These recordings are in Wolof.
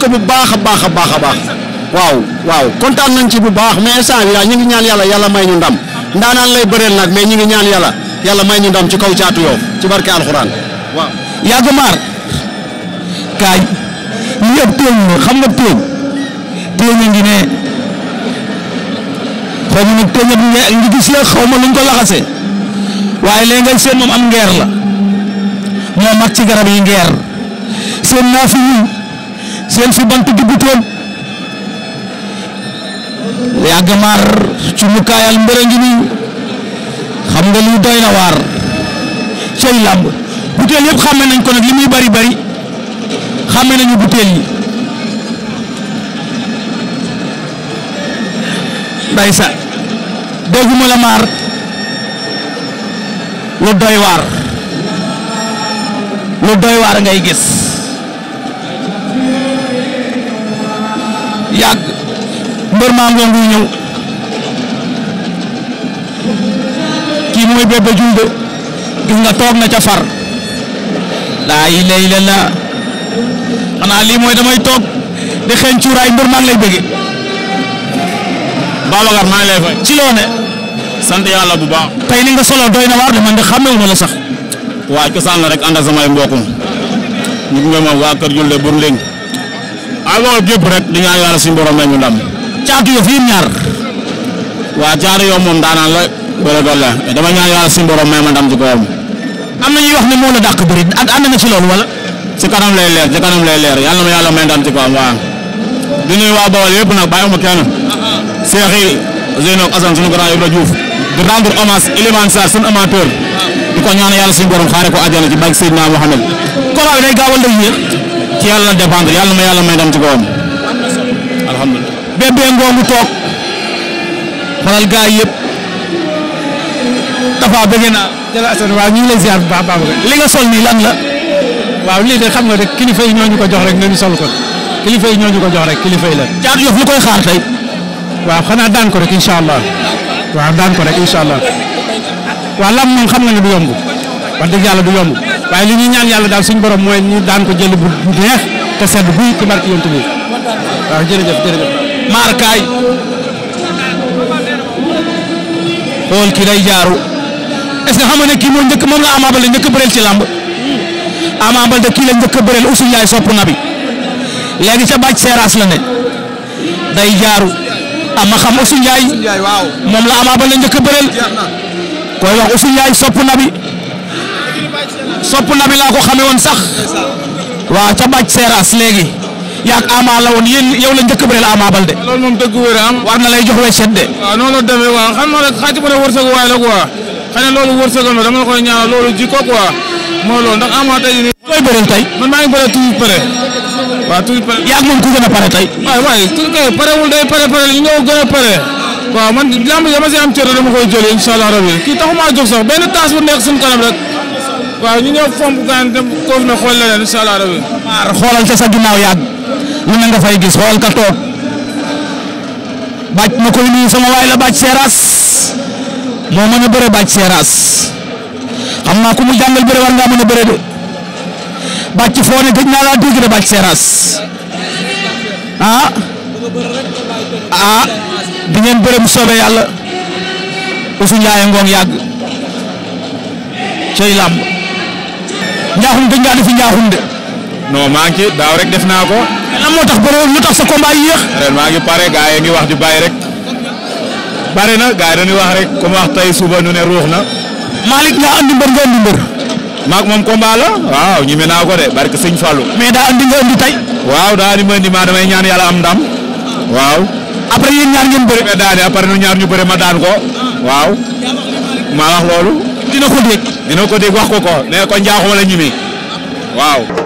ko bu baax a baax a baax a baax waaw waaw kontaan nañ ci bu baax mais instant bi daal ñu ngi ñaan yàlla yàlla may ñu ndam ndaanaan lay bëreel nag mais ñu ñaan yàlla yàlla may ñu ndam ci kaw caatu yow ci barke alxuraan waaw. yàgg maar kaay ñëpp téeñ la xam nga téeñ téeñ a ngi ne ma nag ngi gis xaw ma luñ ko laxase waaye léegi ngay seen moom am ngeer la moo mag ci garab yi ngeer seen naa fi seen fi bant duggutoon yàgg maar ci mu mbërë ngi nii xam nga lii doy na waar cey làmb butéel yëpp xàmme nañ ko nag li muy bari bari xàmme nañu butéel yi ndeysaan dégguma la maar lu doy waar lu doy waar ngay gis yàgg mbër maa ngoon guy ñëw kii mooy Bébé Diouldé gis nga toog na ca far laa ilaaha illallaah xanaa lii mooy damay toog di xeeñ cuuraay mbër maa ngi lay bëgge Babacar maa ngi lay fay ci loo yàlla bu baax tey ni nga solo doy na waar de man de xàmmewuma la sax waaw cosaan la rek ànd ak samay mbokk mi ñu ngi waa kër Diouldé Bour waaw loolu gépp rek di ñaan yàlla suñu borom may ñu ndam. caatu yow fii ñaar. waaw caatu yow moom daanaan la bëre doon la dama ñaan yàlla suñu borom may ma ndam ci kawam. am na ñuy wax ne moo la dàq bëri ànd na ci loolu wala. ci kanam lay leer ci kanam lay leer yàlla yàlla may ndam ci kawam waaw. di nuyu waa Bawol yëpp nag bàyyi ma kenn. Cheikh yi Zeyno ak Assane suñu grand Ibra Diouf. di rendre hommage Elimane Sarr seen amateur. di ko ñaan yàlla suñu borom xaare ko àjjana ci bàyyi Seydina Mohamed. koraa ci yàlla la dépendre yàlla ma yàlla may dem ci kawam. alhamdulilah. yëpp dafa bëgg naa. jërëjëf ñu ngi lay ziar bu baax baax li nga sol nii lan la. waaw de xam nga rek kilifa yi ñoo ñu ko jox rek nga ñu sol ko kilifa yi ñoo ñu ko jox rek kilifa yi la. Caatu Yoff lu koy xaar tey. waaw xanaa daan ko rek incha allah waaw daan ko rek incha allah walla lam moom xam nga ne du yomb yàlla du waaye li ñuy ñaan yàlla daal suñu borom mooy ñu daan ko jël bu neex te sedd buy ci barke yonent bi waaw jërëjëf jërëjëf maar ki day jaaru est-ce que xam nga ne kii moo njëkk moom la Ama Baldé njëkk bëreel ci làmb Ama Baldé kii la njëkk bëreel usul yaay sopp nabi léegi ca bàcc seeraas la ne day jaaru ama xam usul yaay moom la Ama Baldé njëkk bëreel koy wax usul yaay sopp nabi sopp na bi laa ko xame woon sax waaw ca bàcc seeraas léegi yaak Ama la woon yéen yow la njëkk bëreel Ama Baldé loolu moom dëgg wér am war na lay jox weccet de waaw noonu la demee waaw xam nga rek xaaj bu ne wërsëg waay la quoi xëy na loolu wërsëgal na dama la koy ñaanal loolu ji ko quoi mooy loolu ndax Ama tey nii koy bëreel tey man maa ngi bëre toujours pare waaw toujours pare yaak moom ku gën a pare tey waay waay toujours kay parewul day pare pare li ñëw gën a pare waaw man lamb dama si am cër dama koy jël inshallah rabbi waaw ñu ñëw fomp gaan dem koof na xool leneen incha allah rabi. maar xoolal ca sa ginnaaw yàgg lu ne nga fay gis xoolal ka toog bàcc ma koy nuyu sama waay la bàcc seeraas moo mën a bëre bàcc seeraas xam naa ku mu jàngal bëre war ngaa mën bàcc foo ne gëj naa laa dégg de bàcc seeraas ah ah di ngeen bëre mu soobee yàlla Ousou Ndiaye ngoog yàgg cey làmb Ndiakhoune gëj ngaa defi Ndiakhoune de. non maa ci daaw rek def naa ko. lan moo tax ba lu tax sa combat yi yéex. ren maa ngi pare gaa yi ngi wax di bàyyi rek. bare na gaa yi dañuy wax rek comme wax tey suba na. Malick nga andi mbër nga andi mbër. maak la waaw ñime naa ko de barke sëñ Fallou. mais daa andi nga andi tey. waaw daa andi ma andi maa damay ñaan yàlla am ndam. waaw. après yéen ñaar ngeen bëri. mais daane après ñu ñu bëri ma daan ko. waaw. maa wax loolu. dina ko dégg. dina ko dégg wax ko ko nee ko njaaxuma la ñimi waaw.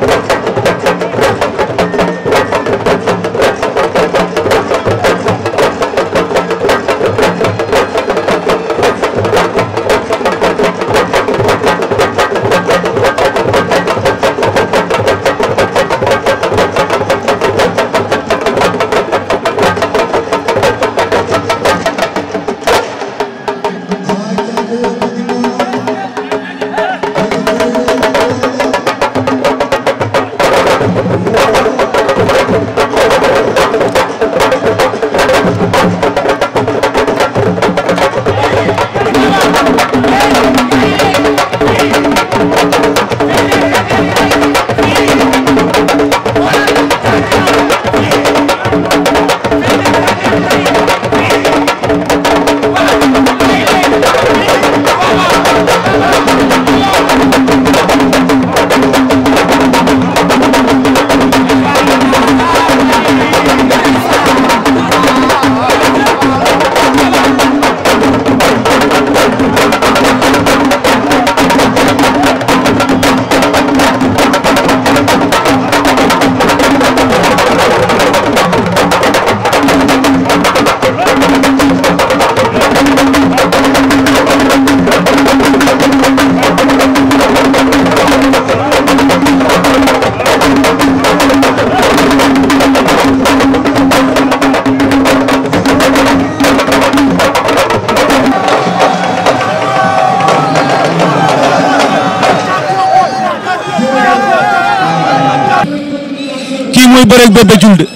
bëreel Bébé Diouldé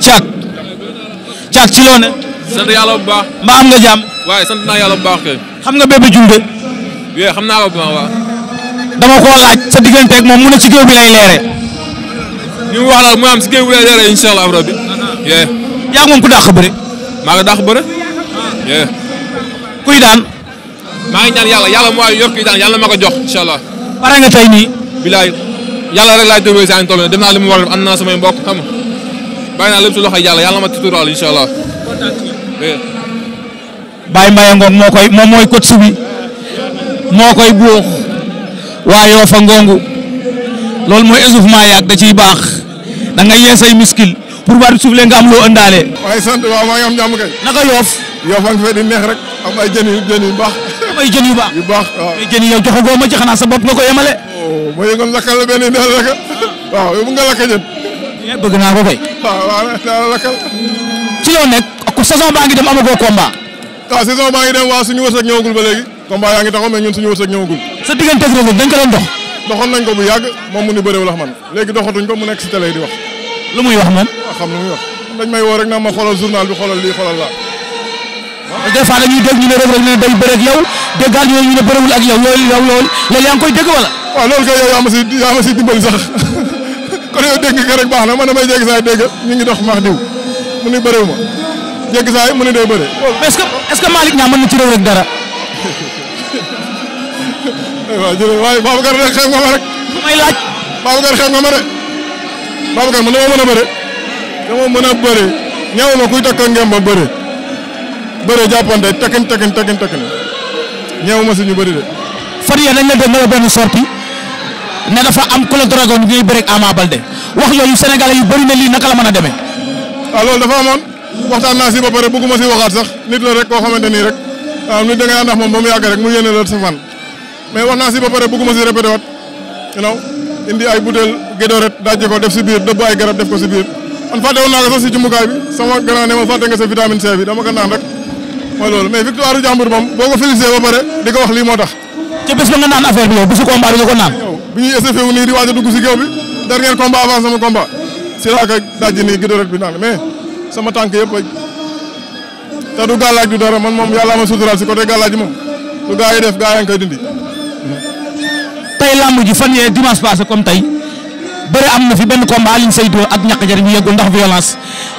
caat caat ci loo ne. sant bu baax. mbaa am nga jàmm. waaye sant naa yàlla bu baax kay. xam nga Bébé Diouldé. oui xam naa ko bu baax waaw. dama koo laaj sa digganteeg moom mu ne ci géew bi lay leeree. li mu la mu am ci géew bi lay leeree incha allah yaa moom ku dàq bëre. maa ngi dàq bëre. kuy daan. maa ngi ñaan yàlla yàlla mooy yor kuy daan yàlla ma ko jox incha allah. nga tey nii. yàlla rek laay déglu si ànd toll nii def naa li war a def ànd naa samay mbokk xam nga bàyyi naa lépp si loxo yàlla yàlla ma tuturaal incha allah. Baye Mbaye moo koy moom mooy coach bi moo koy buux waa Yofa Ngongu loolu mooy échauffement yaag da ciy baax da nga yee say muscle pour bari suuf lee nga am loo ëndaale. waaye sant waaw maa a ngi fee di neex rek am ay jën yu baax. am ay jën yu baax yu baax waaw mais jën yi yow ma ci xanaa sa bopp nga ko yemale. Oh, ma yëgoon lakkal la benn daal lakkal waaw yow mu nga lakka jën. Eh, bëgg naa ko kay. waaw waaw daal lakkal. ci loo nekk saison baa ngi dem amagoo combat. waaw saison baa ngi dem waa suñu wërsëg ñëwagul ngi taxaw sa diggante ak Reug dañ ko doon dox. doxoon nañ ko bu yàgg moom mu ni bëréewul wax man léegi doxatuñ ko mu nekk si télé di wax. lu muy wax man. waaw xam lu muy wax dañ may woo rek na ma xoolal journal bi xoolal lii xoolal laa. des fois dañuy dégg ñu ne Reug Reug ne day bëreeg yow déggal yooyu ñu ne bëriwul ak yow loolu yow loolu léegi yaa ngi koy dégg wala. waaw loolu kay yow yaa ma si yaa ma si dimbali sax kon yow dégg nga rek baax na man damay jéggi saa yi dégg ñu ngi dox maax diw mu ni bëriwu ma jéggi saa yi mu ni day bëri. mais est-ce que est-ce que Malick Niang mën na ci réew rek dara. waaw jërëjëf waaye Babacar rek xeeb nga ma rek. may laaj. Babacar xeeb nga ma rek. Babacar man dama mën a bëre. dama mën a bëre ñëw ma kuy takk ngem ba bëre bëre jàppante takkin takkin takkin takkin. ñeewu ma suñu bëri de. fan yii dañ la dégg nga benn sortie ne dafa am ku la dragon ngay bëreeg Ama Baldé wax yooyu sénégalais yu bëri na lii naka la mën a demee. waaw ah, loolu dafa amoon waxtaan naa si ba pare bëgguma si waxaat sax nit la rek koo xamante nii rek waaw ah, nit da ngay ànd moom ba mu yàgg rek mu yéene la sa fan mais wax naa si ba pare bëgguma si répété waat indi ay butéel gédooret dajje ko def si biir dëbb ay garab def ko si biir man bi sama grand ne ma fàtte mooy loolu mais victoire du jàmbur moom boo ko félicité ba pare di ko wax lii moo tax. ci bés ba nga naan affaire bi yow bésu combat bi nga ko naan. bi ñuy essayé wu nii di waaj a dugg si géew bi dernier combat avant sama combat si laa ko dajji nii gidóorat bi naan mais sama tànk yëpp te du gàllaaj du dara moom yàlla ma suturaal si côté gàllaaj moom du gaa yi def gaa yaa ngi koy dindi. tey lamb fan yee dimanche passé comme tey bëri am na fi benn combat Alioune Seye ak ñàkk jariñ ñu yeggul ndax violence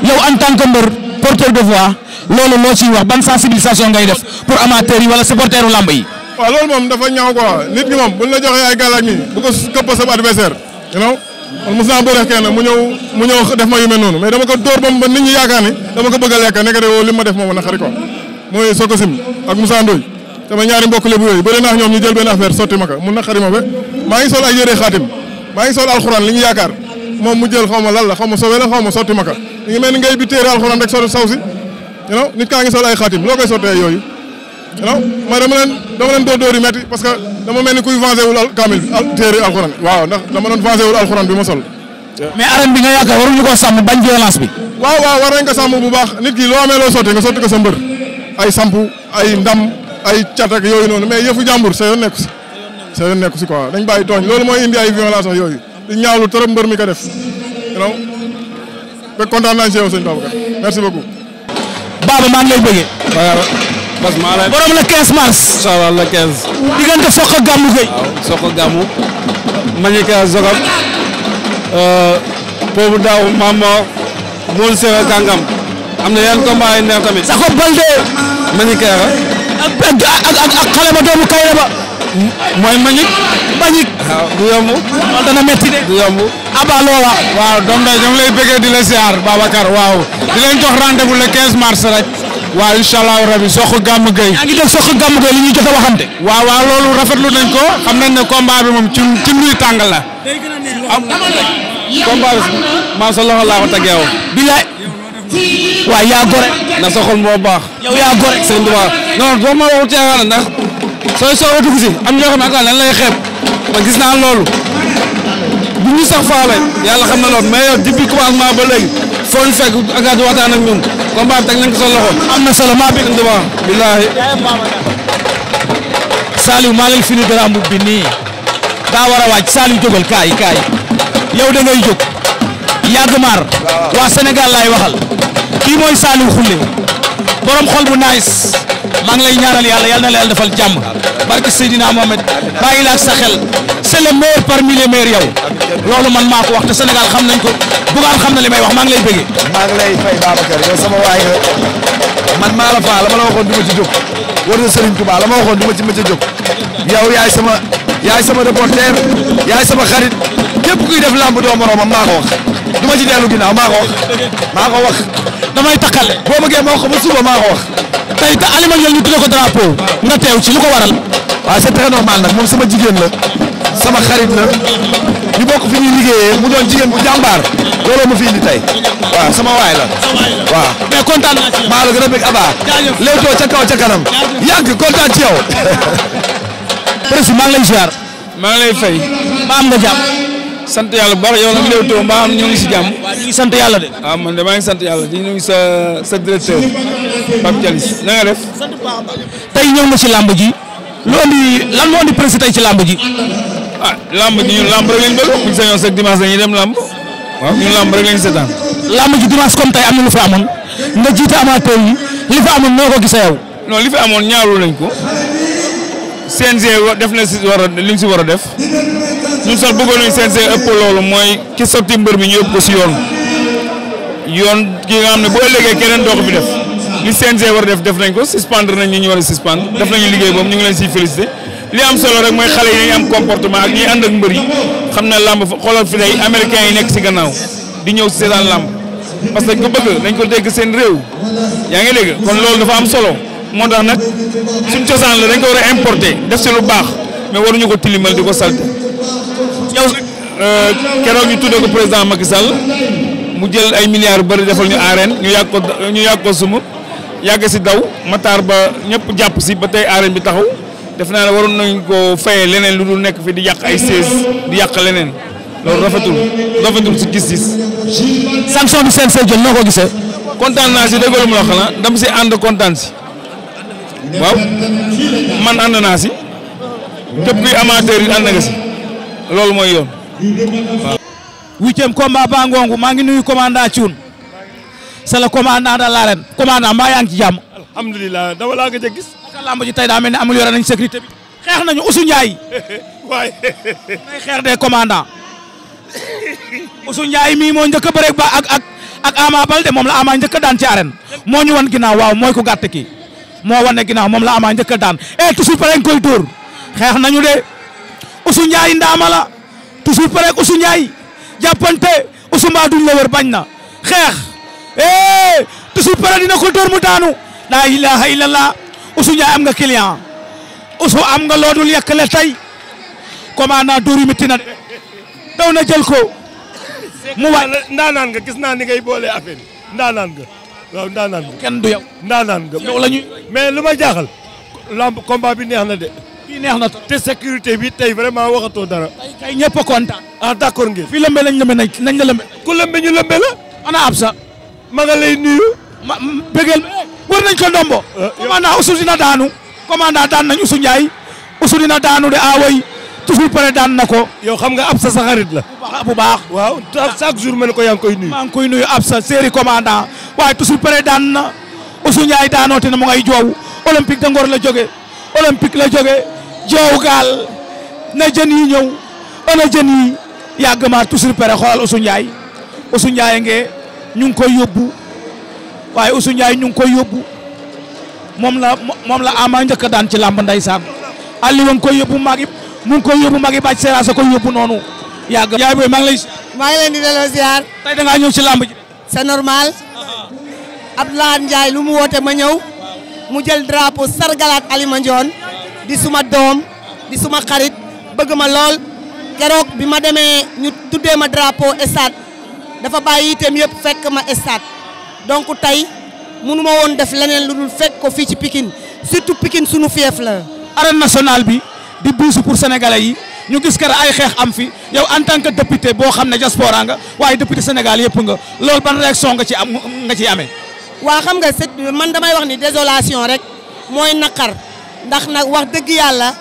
yow en tant mbër. porteur de voix loolu loo ciy wax ban sensibilisation ngay def pour amateurs yi wala supporteru lamb yi. waaw loolu moom dafa ñaaw quoi nit ñi moom buñ la joxee ay gàllaaj mi bu ko këpp sa adversaire you know man kenn mu ñëw def ma yu noonu mais dama ko dóor moom ba nit ñi yaakaar ni dama ko bëgg a lekk nekk de li ma def moom na xari quoi mooy Sokosim ak Moussa Ndoye sama ñaari mbokk lébu yooyu bëri naa ñoom ñu jël benn affaire sotti ma ko mun li ñu yaakaar moom mu jël xaw ma lan la xaw ma sobe la xaw ma sotti ma ka ñu ni ngay bi téere alxuraan rek sotti saw si kaa ngi sol ay xaatim loo koy sottee yooyu que dama mel ni kuy vengé wul kaamil bi téere alxuraan ma sol mais arène bi nga war nañ ko ki loo amee loo sotti nga sotti sa mbër ay samp ay ndam ay cat ak yooyu noonu mais yëfu jàmbur sa yoon nekku si sa yoon dañ bàyyi tooñ loolu mooy indi ay violence yooyu di ñaawlu trop mbër mi ko def yow ba kontaan naa si yow sëñ Babacar merci beaucoup. Baba maa ngi lay bëggee. parce que maa lay. borom la 15 mars. incha allah le 15. diggante Sokh ak Gamou Gueye. waaw Sokh ak Gamou. Manika euh, Kangam. am na yeneen combat neex tamit. Sakho Balde. Manika ah. ak ak ak xale doomu Kayra mooy Mbagnick. Mbagnick. waaw ah, du yomb. loolu dana métti de. du yomb. Aba loo wax. waaw doom day ñoom lay bëggee di la ziar Babacar waaw di leen jox rendez-vous le 15 mars rek. waaw incha allahu rabi soxu gàmm gay. yaa ngi dégg soxu gàmm gay li ñuy a waxante. waaw waaw loolu rafetlu nañ ko xam nañ ne combat moom ci muy tàng la. am ah, combat bi maa a loxo laa ko tegee yaa gore. na soxal moo baax. yaa gore. sëñ bi waaw non doo ma waxu teewaan ndax. sooy soog a dugg si am ñoo xam ne lay xeeb man gis naa loolu bu ñu sax faale yàlla xam na loolu mais yow depuis commencement ba léegi fekk ak àddu waxtaan ak ñun combat bi teg nañ ko sa am na solo maa bëgg ndawaa. billaahi. Saliou maa leen fini dara mbub bi daa war a waaj Saliou jógal kaay kaay yow da ngay jóg yàgg maar waa Sénégal laay waxal kii mooy Saliou Khoulé borom xol bu nice. maa lay ñaanal yàlla yàlla na la yàlla defal jàmm barke Seydina Mohamed bàyyi la ak sa xel c'est par meilleur parmi les meilleurs yow loolu man maa wax te Sénégal xam nañ ko Bougane xam na li may wax maa ngi lay bëggee. maa ngi lay fay Babacar yow sama waay nga man maa la faa la ma la waxoon du ma ci jóg war na Serigne Touba la ma waxoon du ma ci ma ci jóg yow yaay sama yaay sama reporter yaay sama xarit képp kuy def lamb doo moroomam wax du ma ci dellu ginnaaw maa ko wax maa ko wax damay takkale ma tey te Alima Ndiol ñu tuddee ko drapeau nga teew ci lu ko waral. waaw c'est très normal nag moom sama jigéen la sama xarit la ñu bokk fi ñuy liggéeyee mu doon jigéen bu jàmbaar looloo ma fi indi tey waaw sama waay la waaw. mais kontaan naa ci yow maa la gën a bëgg ca kaw ca kanam. yàgg kontaan ci yow. président maa ngi lay ziar. maa ngi lay fay. maa am nga jàmm. sant yàlla bu baax yow nag Leewtoo maa am ñoo ngi si jàmm. waaw ñu yàlla de. waaw ah, man de maa ngi sant yàlla di nuyu sa directeur. Pape Thialis na nga def. tey ñëw na ci làmb ji. lu andi lan moo andi presse tey ci làmb ji. ah làmb ji ñun làmb rek lañ ñu sañoon sax dimanche dañuy dem làmb waaw ñun làmb rek lañ ji dimanche comme tey am na lu fa amoon nga jiite amateur yi li fa amoon noo ko gisee yow. non li fi amoon ñaawlu lañ ko. CNG def na si war a li si war a def ñun sax bëggoon nañu CNG ëpp loolu mooy ki sotti mbër mi ñu ëpp ko si yoon yoon ki nga xam ne boo ëllëgee keneen doo bi fi def. li CNG war def def nañ ko suspendre nañ ñi ñu war a suspendre def nañu liggéey boobu ñu ngi leen siy félicité li am solo rek mooy xale yi dañuy am comportement ak ñuy ànd ak mbër yi xam na làmb xoolal fi day yi nekk si gannaaw di ñëw si seetaan làmb parce que dañ ko bëgg dañ ko dégg seen réew yaa ngi dégg kon loolu dafa am solo moo tax nag suñ cosaan la dañ ko war a importer def si lu baax mais ñu ko tilimal di ko salte yow euh, keroog ñu tuddee ko président Macky Sall mu jël ay milliards yu bëri defal ñu arène ñu yàgg ko ñu yàgg ko sumb yàgg si daw mataar ba ñëpp jàpp si ba tey arène bi taxaw def naa ne waroon nañu ko fayee leneen lu dul nekk fi di yàq ay sees di yàq leneen loolu rafetul rafetul si gis-gis. sanction bi seen see jël noo ko gisee. kontaan naa si déggoo mu la xanaa dama si ànd kontaan si waaw man ànd naa si képp kuy amateur yi ànd nga si loolu mooy yoon. waaw. huitième combat ba maa ngi nuyu commandant Thioune. c'est commandant de commandant mbaa yaa ngi ci jàmm. alhamdulilah dama a gis. ak lamb ji tey daa mel sécurité xeex nañu Ousseynou Ndiaye. waaye. nay njëkk a bëreeg ba ak ak ak Ama Balde moom la Ama njëkk daan ci arène moo ñu wan ginnaaw waaw mooy ko gàtt kii moo wane ginnaaw moom la Ama njëkk daan et eh, toujours pare koy dóor xeex nañu de Ousseynou Ndiaye ndaama la toujours pare ak Ousseynou Ndiaye jàppante mbaa duñ wër bañ xeex. eh Youssou Pré ko dóor mu daanu laa ilaaha illallah Youssou Ndiaye am nga client Youssou am nga loodul yàkkale tey commandant dóor yi métti na de daw na jël ko mu waay ndaanaan nga gis naa ni ngay boole affaire yi ndaanaan nga waaw kenn du yow ndaanaan nga yow la ñuy mais lu ma jaaxal lamb combat bi neex na de fii na te sécurité bi tey vraiment waxatoo dara tey ñëpp a kontaan ah d'accord ngeen fii lëmbe nañ lëmbe nañ nañ la lëmbe ku lëmbe ñu lëmbe la ana ab sa ma nga lay nuyu. ma mm, bëggeel war nañ ko ndombo. Eh, commandant Ousseynou dina daanu. commandant daan nañ Ousseynou Ndiaye. daanu de away toujours pare daan na ko. yow xam nga Absa sa la. bu baax waaw ah. chaque jour ma ne ko yaa ngi koy nuyu. maa ngi koy nuyu Absa série commandant waaye toujours pare daan na Ousseynou Ndiaye daanoote na mu ngay joow olympique de Ngor la joge olympique la jóge joow gaal na jën ñëw ana jën yi yàgg maar toujours pare xoolal Ousseynou Ndiaye Ousseynou ñu ko koy yóbbu waaye Oussou Ndiaye ñu ko yóbbu moom la moom la ama njëkk daan ci làmb ndeysaan saam a ngi koy yóbbu magi mu ngi koy yóbbu magi bàcc a koy yóbbu noonu yàgg yaay booy maa lay maa ngi di delloo ziar tey da ñëw ci làmb c'est normal Abdoulaye Ndiaye lu mu woote ma ñëw mu jël drapeau sargalaat Alima Ndione di suma doom di suma xarit bëgg ma lool keroog bi ma demee ñu tuddee ma drapeau dafa bàyyi itam yëpp fekk ma stade donc tey mënu woon def leneen lu dul fekk ko fii ci pikin surtout pikin sunu fief la. arène nationale bi di buusu pour sénégalais yi ñu gis kër ay xeex am fi yow en tant que député boo xam ne diaspora nga waaye député Sénégal yëpp nga loolu ban réaction nga ci am nga ciy amee. waa xam nga man damay wax ni désolation rek mooy naqar ndax nag wax dëgg yàlla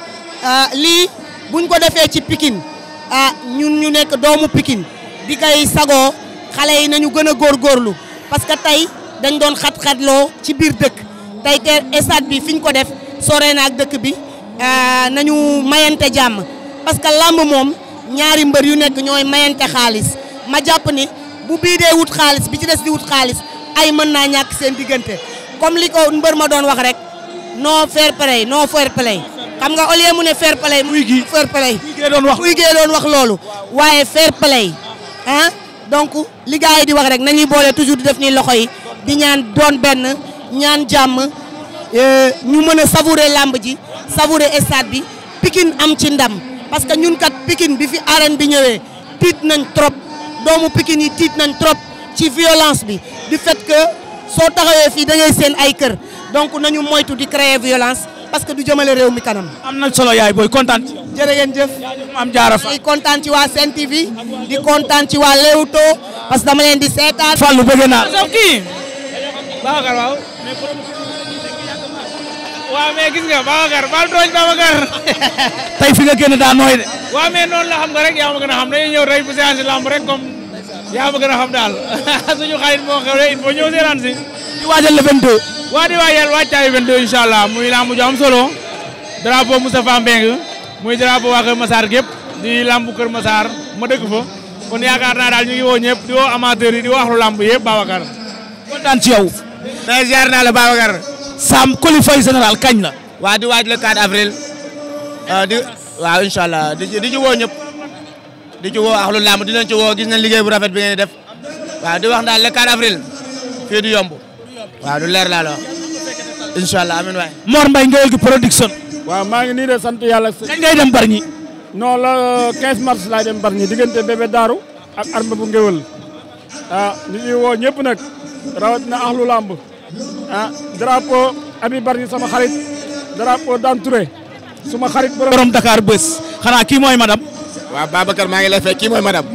ah, lii buñ ko defee ci Pikine ah ñun ñu nekk doomu Pikine di koy xale yi nañu gën a góorgóorlu parce que tey dañ doon xat-xatloo xat ci biir dëkk tey te stade bi fi ko def sore na ak dëkk bi euh, nañu mayante jàmm parce que làmb moom ñaari mbër yu nekk ñooy mayante xaalis ma jàpp ni bu bii dee wut xaalis bi ci des di wut xaalis ay mën naa ñàkk seen diggante comme li ko mbër ma doon wax rek noo fair play noo fair play xam nga au lieu mu ne fair play. muy gi fair play. muy gee doon wax loolu. waaye fair play ah. donc li yi di wax rek nañuy boole toujours di def nii loxo yi di ñaan doon benn ñaan jàmm euh, ñu mën a savourer làmb ji savourer estade bi Pikine am ci ndam parce que ñun kat Pikine bi fi arène bi ñëwee tiit nañ trop doomu Pikine yi tiit nañ trop ci violence bi du fait que soo taxawee fii da séen ay kër donc nañu moytu di créer violence parce que du jëmale réew mi kanam. am na solo yaay booy kontaan. jërë ngeen jëf. am jaara fa di kontaan ci waa Sen TV di kontaan ci waa Leewtoo parce que dama leen di seetaan. Fallou bëgg naa. Babacar waaw. waaw mais baal tooñ Babacar. tey fi nga génn daa nooy de. waaw mais noonu la xam nga rek yaa ma gën a xam dañuy ñëw tey bu séance lamb rek comme. yaa ma gën a xam daal suñu xarit moo xew il faut ñëw seetaan si. di waajal le 22. waa di waajal waajtaayu 22 incha allah muy lamb ju solo drapeau Moustapha Mbengue muy drapeau waa Kër Massar gépp di lamb Kër Massar ma dëkk fa kon yaakaar naa daal ñu ngi woo ñëpp di woo amateur yi di wax lu lamb yëpp Babacar. kontaan ci yow. mais ziar naa la Babacar. Sam Coly Faye général kañ la. waa di waaj le 4 avril. Euh, di waaw incha allah di ci woo ñëpp. di ci woo axlu làmb dinañ ci woo gis na liggéey bu rafet bi ngeen def waaw di wax daal le 4 avril fii du yomb waaw lu leer laa la wax incha allah amiin waay. Mor Mbaye Ngéwél gi production. waaw maa ngi nii de sant yàlla. kañ ngay dem Bargny. non la 15 mars laay dem Bargny diggante bébé Daaru ak arme bu Ngéwél ah ñu ngi woo ñëpp nag rawatina axlu làmb ah drapeau Abi Bargny sama xarit drapeau Dan Touré suma xarit borom Dakar bés xanaa kii mooy madame. waaw Babacar maa ngi la fekk kii mooy madame.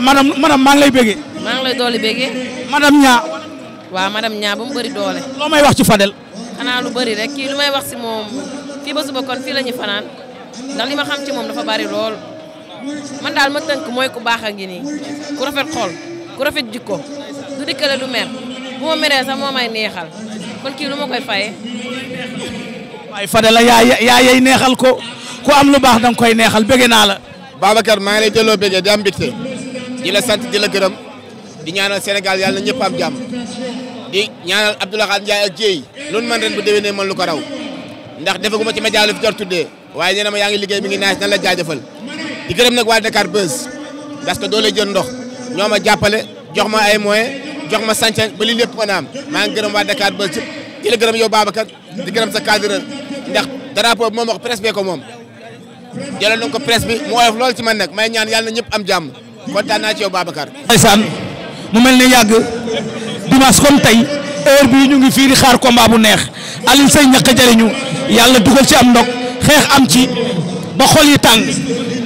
madame madame maa ngi lay bëggee. maa ngi lay doole bëggee. madame Niang. waaw madame Niang ba mu bëri doole. loo may wax ci Fadel. xanaa lu bëri rek kii lu may wax si moom fii ba suba kon fii la fanaan ndax li ma xam ci moom dafa bari lool man daal ma tënk mooy ku baax a ngi nii ku rafet xol ku rafet jikko du dikkale du mer bu me meree sax moo may neexal kon kii lu ma koy fayee. waaye Fadel la yaa yaa neexal ko ku am lu baax danga koy neexal Babacar maa ngi lay delloo béggee di am mbégte di la sant di la gërëm di ñaanal Sénégal yàlla na ñëpp am jàmm di ñaanal Abdoulaye Khane Ndiaye ak Dieye loolu man ren bu déwénee man lu ko raw ndax ma ci média lu fi jar tuddee waaye nee na ma yaa ngi liggéey mi ngi naaj nan la jaajëfal di gërëm nag waa Dakar Buzz parce que doo jël ndox ñoo ma jàppale jox ma ay moyens jox ma sancan ba li lépp ko naam maa ngi gërëm waa Dakar Buzz di la gërëm yow Babacar di gërëm sa cadre ndax drapeau bi moom wax ko moom jëlal nañ ko presse bi mu woyof lool ci man nekk may ñaan yàlla na ñëpp am jàmm kontaan naa ci yow Babacar. ndeysaan mu mel na yàgg dimanche comme tey heure bii ñu ngi fii di xaar kombaa bu neex Alioune say ñàkk a ñu yàlla dugal ci am ndog xeex am ci ba xol yi tàng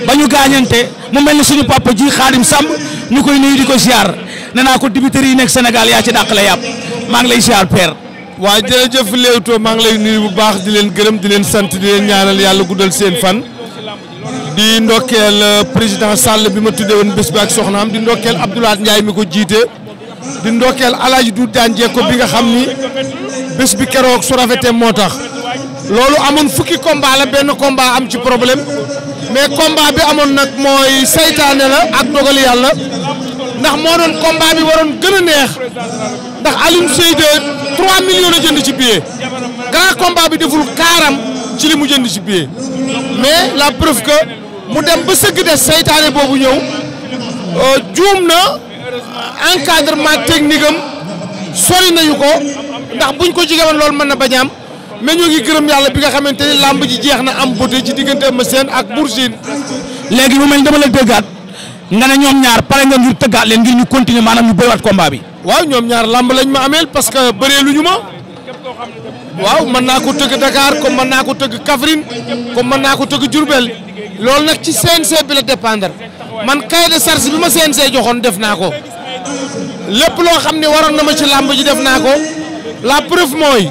ba ñu gaañante mu mel ne suñu papa ji Xaadim sàmb ñu koy nuyu di ko ziar ne naa ko dibiteri yi nekk Sénégal yaa ci dàqale yàpp maa ngi lay ziar père. waaw jërëjëf Leewtoo maa ngi lay nuyu bu baax di leen gërëm di leen sant di leen ñaanal yàlla guddal seen fan. di ndokkeel euh, président Sall bi ma tuddee woon bés bi ak soxnaam di ndokkeel Abdoulaye Ndiaye mi ko jiite di ndokkeel El Hadj Doudou Diagne Diecko bi nga xam ni bés bi keroog su rafetee moo tax. loolu amoon fukki combat la benn combat am ci problème mais combat bi amoon nag mooy saytaane la ak dogal yàlla ndax moo doon combat bi waroon gën a neex ndax Alioune Seye de millions la jënd ci billet grand combat bi deful kaaram ci li mu jënd ci billet mais la preuve mu dem ba sëgg des seytaane boobu ñëw euh, juum na encadrement technique am sori nañu ko ndax buñ ko jige woon loolu mën na bañaam mais ñoo ngi gërëm yàlla bi nga xamante ni làmb ji jeex na am bote ci diggante Eumeu seen ak Bour Sine léegi mu mel dama la déggaat nga ne ñoom ñaar pare nga ngir tëggaat leen ngir ñu continuer maanaam ñu bëriwaat combat bi waaw ñoom ñaar làmb lañ ma ameel parce que bëree lu ñu ma waaw mën naa ko tëgg Dakar comme mën naa ko tëgg Kaffrine mën naa ko tëgg Diourbel loolu nag ci CNC bi la dépendre man cahier de charge bi ma CNC joxoon def naa ko lépp loo xam ne waroon na ma ci làmb ji def naa ko la preuve mooy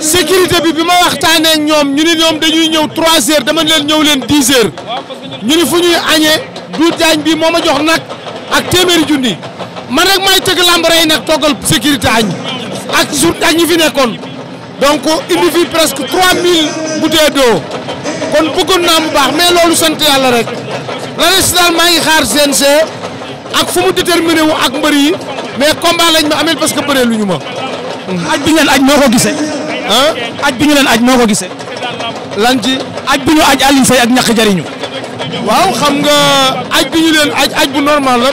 sécurité bi bi ma waxtaanee ak ñoom ñu ni ñoom dañuy ñëw 3 heures dama leen ñëw leen 10 heures ñu ni fu ñuy añee duut jaañ bi moo ma jox nag ak téeméeri junni man rek maay tëgg làmb rey nag toggal sécurité añ ak su ak ñi fi nekkoon. donc indi fi presque 3000 bouteilles d'eau kon bëggoon naa mu baax mais loolu sant yàlla rek la des maa ngi xaar CNG ak fu mu déterminé ak mbër yi mais combat lañ ma amel parce que bëree lu ñu ma. aj bi ñu leen aj noo ko gisee. ah aj bi ñu leen aj noo ko gisee. lan aj bi ñu aj Alioune ak ñàkk jariñu waaw xam nga aj bi ñu leen aj aj bu normal la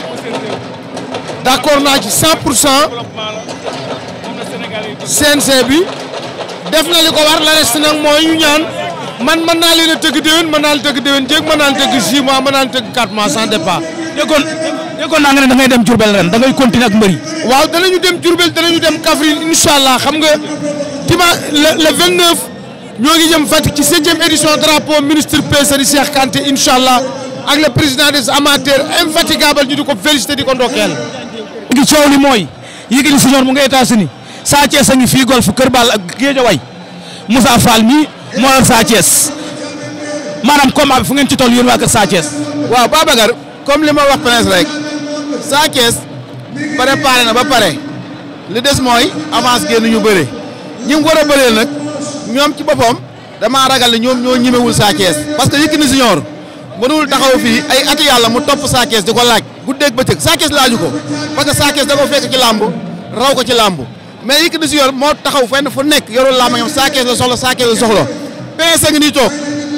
d'accord naa ci 100 pour cent CNG bi. def na li ko war la reste nag mooy ñu ñaan man mën naa leen a tëgg déwén mën naa tëgg déwén jéeg mën naa leen tëgg 6 mois mën naa leen tëgg 4 mois sans départ. déggoon déggoon ne da dem Diourbel ren da ngay continuer ak mbër yi. waaw danañu dem Diourbel danañu dem Kaffrine incha allah xam nga dimanche le le 29 ñoo ngi jëm Fatick ci septième édition drapeau ministre PSR Cheikh Kanté incha allah ak le président des amateurs infatigable ñu di ko félicité di ko ndokkeel. mooy Yékini Senior mu ngi états Sa Thiès a ngi fii golf Kër Ball ak Guédiawaye Moussa Fall mi moo yor Sa Thiès maanaam combat fu ngeen ci tol yéen waa kër Sa Thiès. waaw Babacar comme li ma wax Prince rek Sa Thiès préparé na ba pare li des moy avance génn ñu bëre ñi mu war a bëreel nag ñoom ci boppam damaa ragal ne ñoom ñoo ñemewul Sa Thiès parce que Yékini Junior mënul taxaw fii ay at yàlla mu topp Sa Thiès di ko laaj guddeeg bëccëg Sa Thiès ko parce que Sa Thiès da ci làmb raw ko ci làmb. mais Yékini Junior moo taxaw fenn fu nekk yorul laa ma ñoom saa kees la soxla saa kees la soxla Prince a ngi nii toog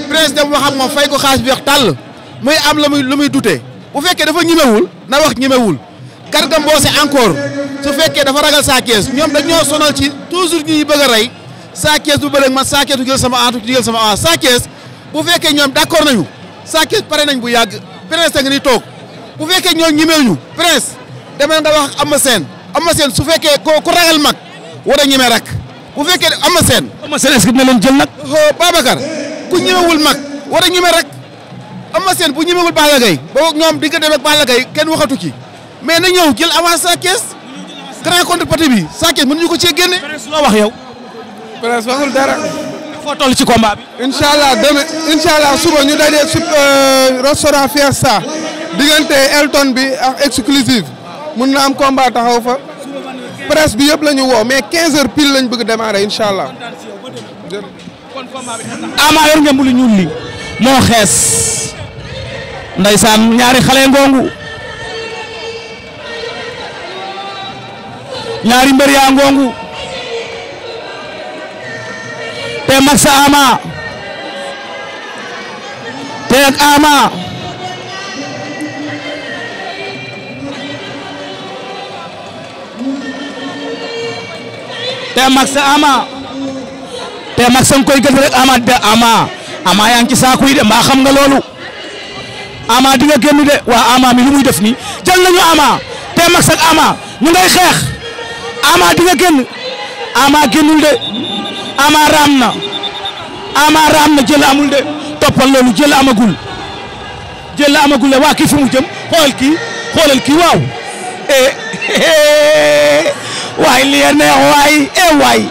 Prince fay ko xaalis bi wax tàll muy am la muy lu muy dute bu fekkee dafa ñimewul na wax ñimewul Garga Mbossé encore su fekkee dafa ragal saa kees ñoom dañoo sonal ci toujours ñuy bëgg a rey saa kees bu bëreeg man saa kees du jël sama aatu du jël sama awa saa kees bu fekkee ñoom d'accord nañu saa pare nañ bu yàgg Prince a ngi toog bu fekkee ñoom ñimewuñu Prince demal nga wax am Ama Sène Eumeu Sène su fekkee ko ku ragal mag war a ñeme rak bu fekkee Eumeu Sène. Eumeu Sène est-ce que dina leen jël nag. Babacar ku ñemewul mag war a rek rak Eumeu Sène bu ñemewul Balla Gaye ba ñoom di nga dem ak Balla kenn waxatu ci mais na ñëw jël avance sa caisse grand contre parti bi sa caisse ko cee génne. Prince wax yow. Prince waxul dara. foo toll ci combat bi. incha allah deme incha suba ñu daje su euh, restaurant Fiesta diggante Elton bi ak exclusive. mun na am combat taxaw fa presse bi yëpp la ñu woo mais 15 heures pile lañ bëgg démarrer incha allah. Ama yor ngeen ñuul li moo xees ndaysaan ñaari xale ngongu ñaari mbër yaa ngongu te mag sa te ak te max ama te max nga koy gën rek ama de ama ama yaa ngi ci saako yi de mbaa xam nga loolu ama di nga génn de waa ama mi lu muy def nii jël nañu ama te max ak ama ñu ngay xeex ama di nga génn ama génnul de ama raam na ama raam na jël amul de toppal loolu jël amagul jël amagul de waa kii fu mu jëm xoolal kii xoolal kii waaw. Eh, eh, eh, waay li neex waay eh waay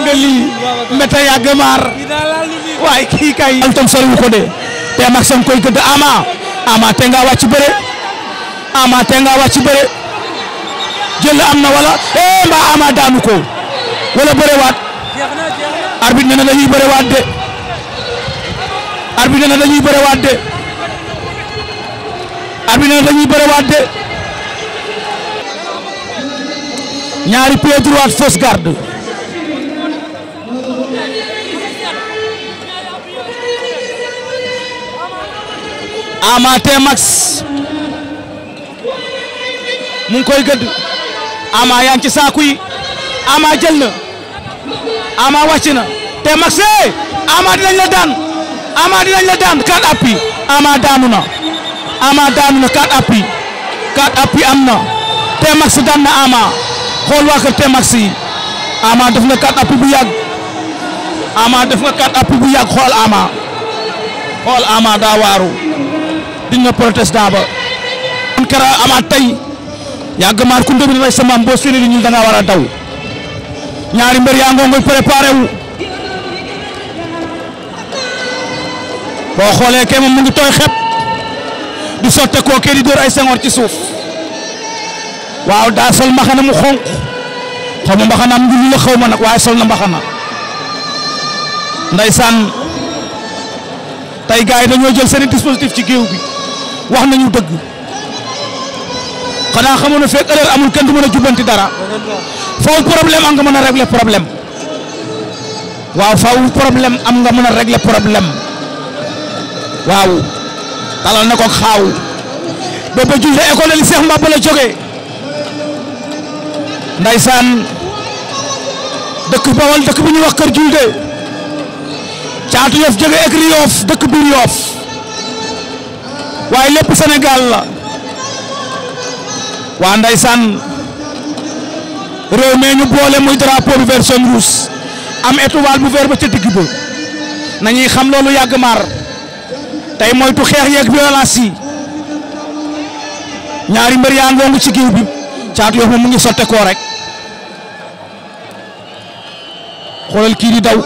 nga lii mbete yàgg maar waay kii kay. al tam soriwul ko de te mag koy gëdd ama ama te nga wàcc bëre ama te nga wàcc jël am na wala eh mbaa ama daanu ko wala bërewaat. arbitre nee na dañuy bërewaat de arbitre nee na dañuy bërewaat de arbitre nee na dañuy bërewaat de. ñaari pied droit fausse garde Ama Tmax mu ngi koy gëdd Ama yaa ngi ci saaku yi Ama jël na Ama wàcc na Tmax eh Ama daan Ama dinañ la daan quatre appuis Ama daanu na Ama daanu na quatre appuis quatre appuis am na Tmax daan na Ama. xool waa kër Temax yi Ama def nga quatre appuis bu yàgg Ama def nga bu yàgg xool Ama xool Ama daa waaru di nga protestant ba. kon kera Ama tey yàgg maar ku ndóbi na sa maam boo séenee ñun da war a daw ñaari mbër yaa ngoo ngoy boo xoolee kee moom mu ngi tooy xep di sotte koo di dóor ay sengoor ci suuf. waaw daa sol mbaxana mu xonq xaw ma mbaxanaam njulli la xaw ma nag waaye sol na mbaxana ndeysaan tey gars yi dañoo jël seen dispositif ci géew gi wax nañu dëgg xanaa xamoon na fekk amul kenn du mën a jubbanti dara faaw problème am nga mën a régler problème waaw faaw problème am nga mën a régler problème waaw talal na ko xaaw ba ba juge école li Cheikh Mbaba la jógee ndaysaan dëkk bawal dëkk bu ñuy wax kër julde caatu yof jóge dëkk biir waaye lépp Sénégal la waa ndaysaan réew mee ñu boole muy drapeau bi vert jaune rouge am étoile bu vert ba ca digg ba nañuy xam loolu yàgg maar tey moytu xeex yeeg violence yi ñaari mbër yaa ngongu ci géew bi caatu moom mu ngi sotte rek xoolal kii daw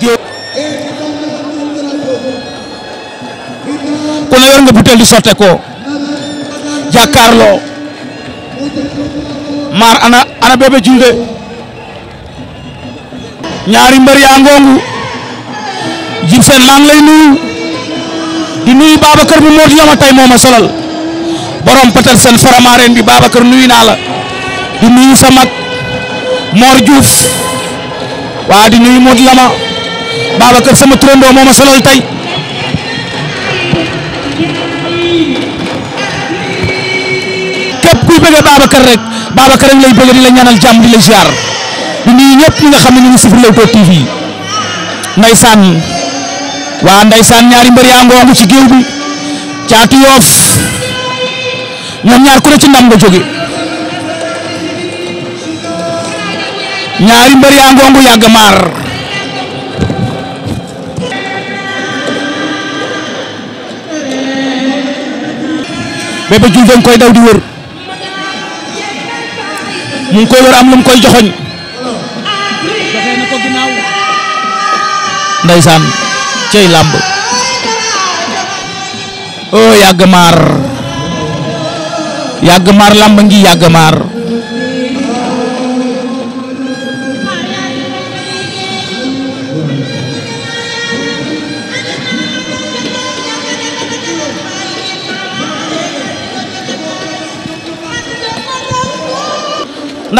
géej ku ne nga butéel di sotte ko jàkkaarloo maar ana ana bébé julde ñaari mbër yaa ngongu jib seen maa lay nuyu di nuyu Babacar bu moo di la ma tey moo ma solal borom peut-être seen faramaareen bi Babacar nuyu naa la di nuyu sa Mor Diouf waa di nuyu Modou Lama Babacar sama turandoo moo ma solal tey képp kuy bëggee Babacar rek Babacar rek lay bëgg di la ñaanal jàmm di la ziar di nuyu ñëpp nga xam ne ñu ngi sifir Leewtoo TV ndeysaan waa ndeysaan ñaari mbër yaa ngoongu ci géew bi caatu yoof ñoom ñaar ku ne ci ndam nga jóge ñaari mbër yaa ngongu yàgg maar Bébé Diouldé dañ koy daw di wër mu ngi koy wër am lu mu koy joxoñ joxee na làmb oh yàgg maar yàgg maar làmb ngi yàgg maar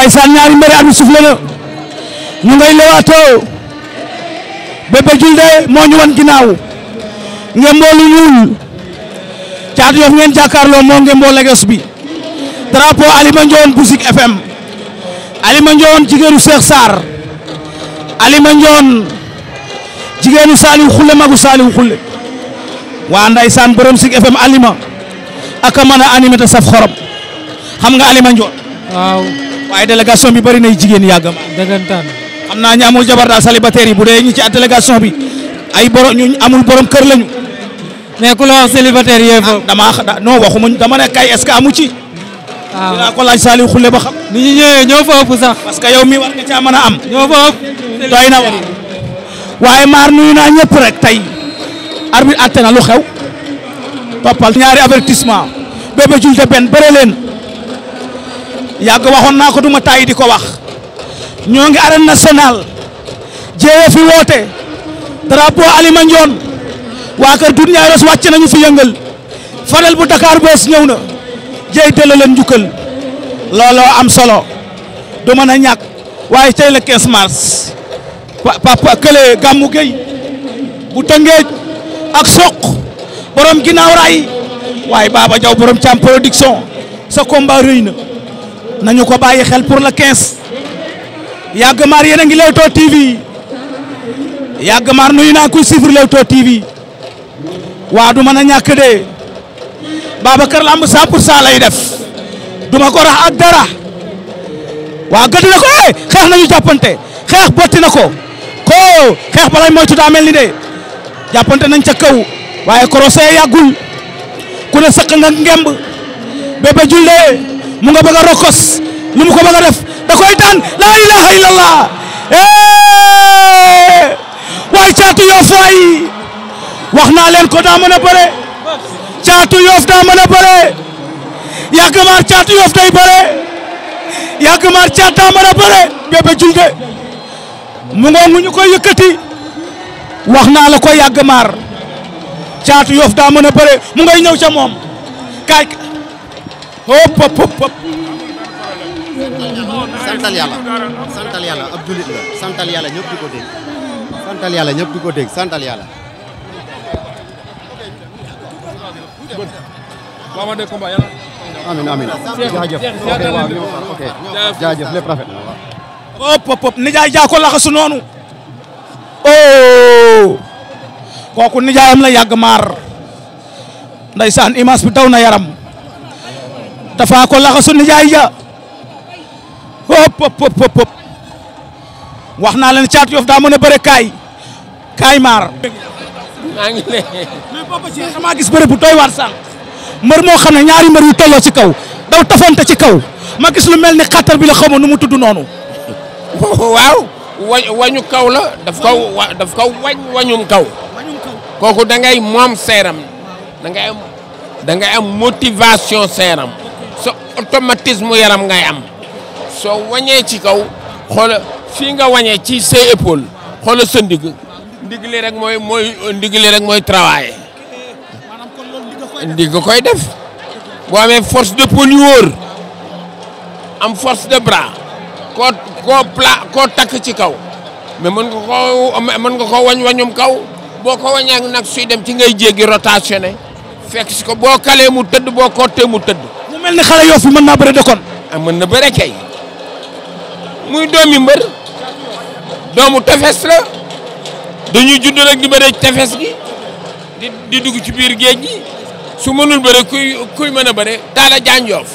ndeysaan ñaari mbër abi sufle na ñu ngay lewaatoo Bébé Diouldé moo ñu wan ginnaaw ngemboo lu ñuul Caatu Yoff ngeen moo ngemboo leges bi drapeau Alima Ndione bu Zik FM Alima Ndione jigéenu Cheikh Sarr Alima Ndione jigéenu Saliou Khoule magu Saliou Khoule waa ndeysaan borom Zik FM Alima ak a mën xorom xam nga Alima Ndione waaye délégation bi bari nay jigéen yàggam. dëggantaan xam naa ñu amul jabar daal célibataire yi bu dee ñi ci délégation bi ay borom ñu amul borom kër lañu. mais ku la wax célibataire yooyu ah, foofu. damaa xa non waxuma dama ne kay est-ce que amu ci. waaw ah. ba xam. ni ñu ñëwee ñoo sax. parce que mi war nga caa am. ñoo fa ëpp. doy na wax waaye maar nuyu naa ñëpp rek tey. arbitre atte na lu xew. toppal ñaari avertissement. Bébé Diouldé benn bëre leen. yàgg waxoon naa ko duma tàyyi di ko wax ñoo ngi arène nationale jéeya fi woote drapeau Alima waa kër Doudou Ndiaye wàcc nañu fi yëngal Fadel bu Dakar Boos ñëw na jéey delloo leen njukkal looloo am solo du mën a ñàkk waaye tey la 15 mars papa kële gàmmu géy bu tëngeej ak soq borom ginnaaw raay waaye Baba Diaw borom cam production sa combat rëy na nañu ko bàyyi xel pour le 15 yàgg maar yéen a ngi Leewtoo TV yàgg maar nuyu naa kuy suivre Leewtoo TV waa du mën a ñàkk de Babacar Lamb 100 pour 100 lay def duma ko rax ak dara waa gëdd na ko eh xeex nañu jàppante xeex botti na ko ko xeex balay moytu daa mel ni de jàppante nañ ca kaw waaye korosé yàggul ku ne sëq nga ngemb bébé julle mu nga bëgg a rokos lu mu ko bëgg a def da koy daan la ilaha illallah eh waay caatu yoof waay wax naa leen ko daa mën a bëre caatu yoof daa mën a caatu yoof day bëre yàgg maar caat daa mën a julde mu ngoongu ñu koy yëkkati wax naa la ko yàgg maar caatu yoof daa mën a bëre mu ñëw ca moom hop hop hop ñëpp di dégg santal yàlla ko dégg santal yàlla waaw de combat yàlla amin na waaw nijaay jaa ko noonu oh kooku nijaayam la yàgg maar ndeysaan image bi daw na yaram Tapha ko laxasu nijaay ja hop hop hop hop wax naa leen Thiatou Yoff daa mën a bëre kaay kaay maar. maa damaa gis bëre bu doy waar sànq. mbër moo xam ne ñaari mbër yu tolloo ci kaw daw tafante ci kaw ma gis lu mel ni xattar bi la xaw ma nu mu tudd noonu. waaw. wañ wañu kaw la daf kaw daf kaw wañ wañum kaw. kooku dangay ngay moom seeram da ngay am da seeram. automatisme yaram ngay am soo wañee ci kaw xool fii nga wañee ci say épaule xoola sa ndig ndig rek mooy mooy ndig rek mooy travail ndig koy def boo amee force de poule yu wóor am force de bras koo koo pla koo takk ci kaw mais mën nga koo mën nga koo wañ wañum kaw boo ko wañee nag suy dem ci ngay jégi rotationné fekk si ko boo kalee mu tëdd boo kottee mu tëdd mel ni xale yoof mën naa bëre de ah, mën na bëre kay muy doomi mbër doomu tefes la dañuy judd di bëre tefes gi di di dugg ci biir géej gi su mënul bëre kuy kuy mën a bëre Talla Diagne Yoff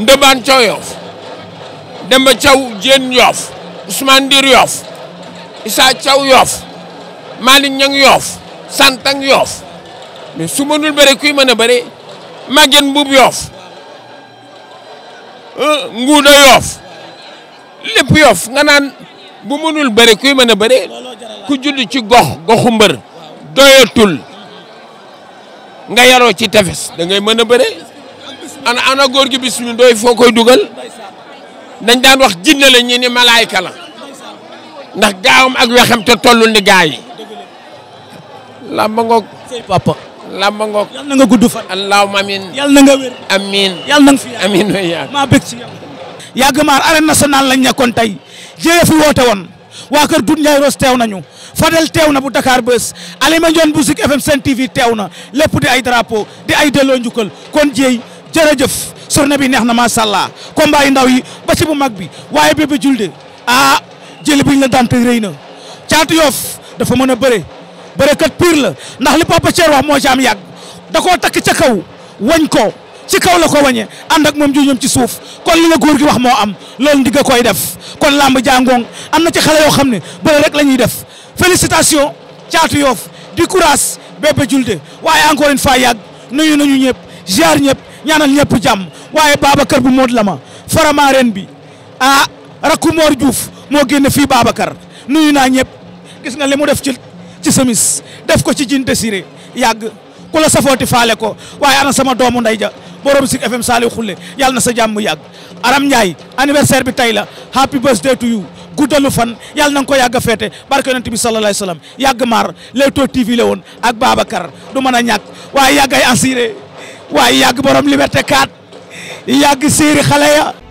Ndobane Thiaw Yoff Demba Thiaw Diène Yoff Ousmane Dir Yoff Issa Thiaw Yoff Malick Niang Yoff Santang Yoff mais bëre kuy mën a bëre Maguette Mboup Yoff euh, Nguuda Yoff lépp Yoff nga naan bu mënul bëre ku mën a bëre ku judd ci gox goxu mbër doyatul nga yaroo ci tefes da ngay mën a bëre ana ana góor gi bis doy foo koy dugal dañ daan wax jinne la ñu la ndax gaawam ak wexem te tollul ni gaa yi làmba papa làmba ngoog. yal na nga gudd fan. allahumma amiin. yal na nga wér. na nga fi maa bëgg ci yow. yàgg lañ nekkoon tey woote woon waa kër Doudou Ndiaye Rose teew nañu Fadel teew na bu Dakar Buzz Alima Ndione bu Zik FM Sen TV teew na lépp di ay drapeau di ay delloo njukkal kon jéey jëf journée bi neex na macha allah combat yi ndaw yi ba ci bu mag bi waaye Bébé Diouldé ah jëli buñ la daan tey rëy na caatu yoof dafa mën a bëre. bërekat pire la ndax li papa Thier wax moo ci am yàgg da koo takk ca kaw wañ ko ci kaw la ko wañe ànd ak moom ju ci suuf kon li la góor gi wax moo am loolu ndigga koy def kon làmb jàngoon am na ci xale yoo xam ne bëre rek la ñuy def félicitation caatu yoof di courage bébé julde waaye encore une fois yàgg nuyu nañu ñëpp jaar ñëpp ñaanal ñëpp jàmm waaye Babacar bu Modou Lama farama ren bi ah rakku Mor Diouf moo génne fii Babacar nuyu naa ñëpp gis nga li mu def ci ci semis def ko ci jean désiré yàgg ku la safooti faale ko waaye ana sama doomu nday ja borom Zik FM Saliou Khoule yàlla na sa jàmm yàgg Aram Ndiaye anniversaire bi tay la happy birthday to you guddalu fan yàlla na nga ko yàgg a feete barke yonent bi sallallahu alayhi wasallam yàgg maar Leewtoo TV la woon ak Babacar du mën a ñàkk waaye yàgg ay assuré waaye yàgg borom liberté 4 yàgg séeri xale ya